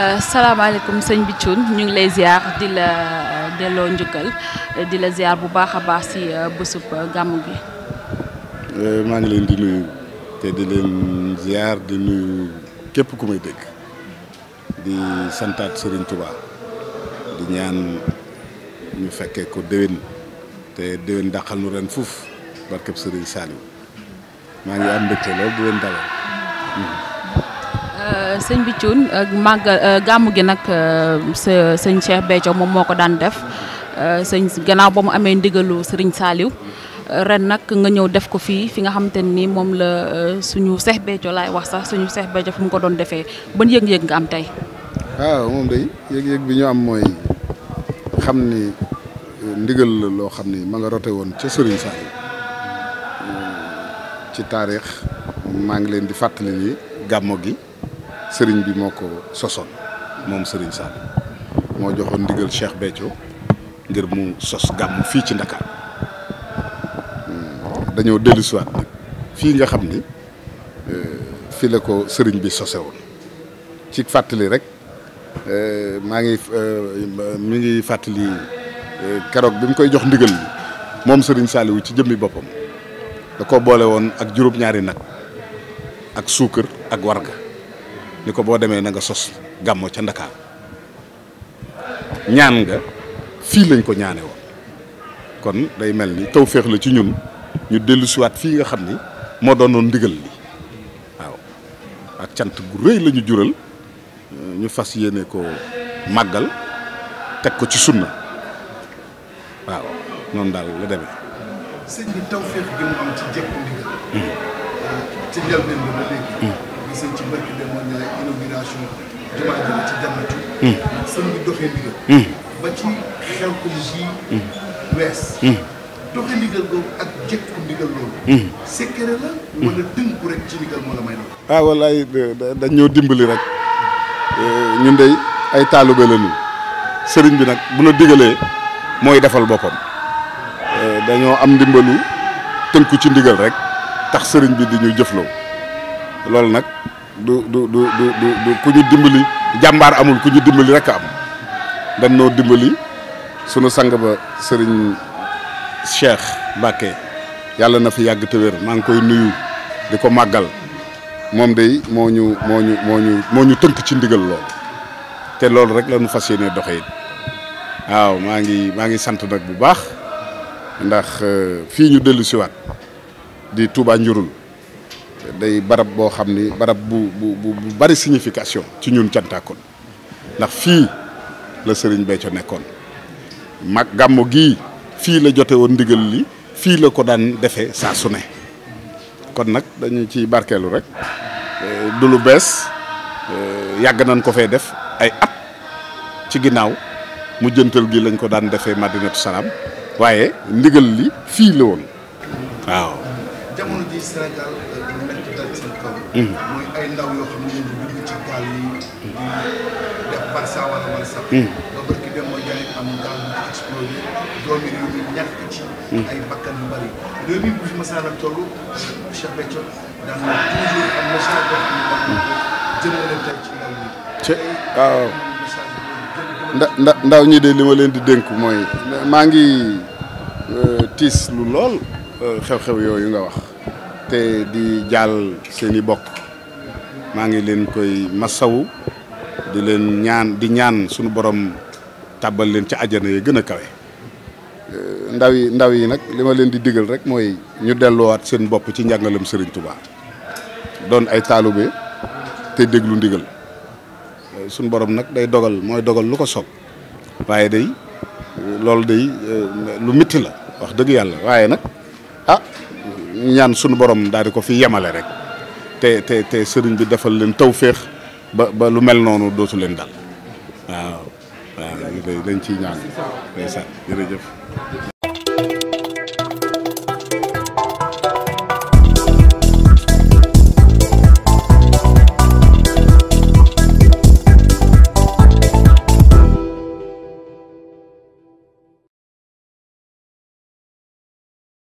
Euh, salaamaaleykum sëñ bi Thioune ñu ngi lay ziar di la euh, delloo njukkal euh, di la ziar bu baax a baax si bésub gàmmu gi. maa ngi leen di nuyu te di leen ziar di nuyu képp ku may dégg di santaat Serigne Touba di ñaan ñu fekkee ko déwén te déwén dàqal nu ren fuuf barkeb Serigne Saliou maa ngi am mbégte lool di leen Euh, sëñ bi Thioune euh, màgg euh, gàmmu gi nag sa sëñ Cheikh Béthio moom moo ko daan def sëñ gannaaw ba mu amee ndigalu sëriñ saaliw ren nag nga ñëw def ko fii fi nga xamante ni moom la suñu Cheikh Béthio laay wax sax suñu seex Béthio fu mu ko doon defee ban yëg-yëg nga am tey. waaw moom day yëg-yëg bi ñu am mooy xam ni ndigal la loo xam ni ma nga rote woon ca sëriñ Saliou ci taarix maa ngi leen di fàttali ni gàmmo gi. sëriñ bi moo ko sosoon moom sëriñ Saliou moo joxoon ndigal Cheikh Béthio ngir mu sos gàmm fii ci Ndakaar hmm. dañoo dellusiwaat nag fii nga xam ni euh, fii la ko sëriñ bi sose woon ci fàttali rek euh, maa ngi euh, mi ngi fàttali keroog bi mu koy jox ndigal li moom sëriñ Saliou ci jëmmi boppam da ko boole woon ak juróom-ñaari nag ak suukar ak warga ni ko boo demee nanga sos si gàmmo ca Ndakaar ñaan nga fii lañ ko ñaane woon kon day mel ni taw féex la ci ñun ñu dellusiwaat fii nga xam ni moo doonoon ndigal li waaw ak cant gu rëy la jural ñu fas yéene ko màggal teg ko ci sunna waaw noonu daal la demee. gisee la hmm. hmm. hmm. wala dënku rek ci ndigal moo la may loolu ah wallaay dañ dimbali rek eh, ñun dey ay taalibe lañu sëriñ bi nag bu na digalee mooy defal boppam eh, dañoo am ndimbalu tënku ci ndigal rek tax sëriñ bi di ñu jëfloo loolu nag du du du du du ku ñu dimbali jàmbaar amul ku ñu dimbali rek am dañ noo dimbali sunu sang ba sëriñ Cheikh Mbacke yàlla na fi yàgg te wér maa ngi koy nuyu di ko màggal moom day moo ñu moo ñu moo ñu moo ñu tënk ci ndigal lool te loolu rek la ñu fas yéene doxe it waaw maa ngi maa ngi sant nag bu baax ndax euh, fii ñu dellu siwaat di Touba Njurul day barab boo xam ni barab bu bu bari signification ci ñun cantaakon ndax fii la Serigne Béthio nekkoon mag gàmmu gi fii la jote woon ndigal li fii la ko daan defee saa su ne kon nag dañu ci barkeelu rek eh, du lu bees eh, yàgg nañ ko fee def ay at ci ginnaaw mu jëntal gi lañ ko daan defee Madinatu Salaam waaye ndigal li fii la woon waaw li Sénégal euh, mm. ndaw ñu dugg ñi de li ma leen di dénk mooy maa ngi euh, tiis lu lool euh, xew-xew yooyu nga wax. te di jàll seeni i bokk maa ngi leen koy masawu di leen ñaan di ñaan suñu borom tàbbal leen ci àjjana yi gën a kawe eh, ndaw yi ndaw yi nag li ma leen di digal rek mooy ñu delluwaat seen bopp ci njàngalam sëriñ Touba doon ay taalibe te déglu ndigal eh, suñu borom nag day dogal mooy dogal lu ko soog waaye day loolu day eh, lu métti la wax dëgg yàlla waaye nag ñaan sunu borom daal di ko fi yemale rek te te te sëriñ bi defal leen tawféex ba ba lu mel noonu dootu leen dal waaw waaw dañ ci ñaan ndeysaan jërëjëf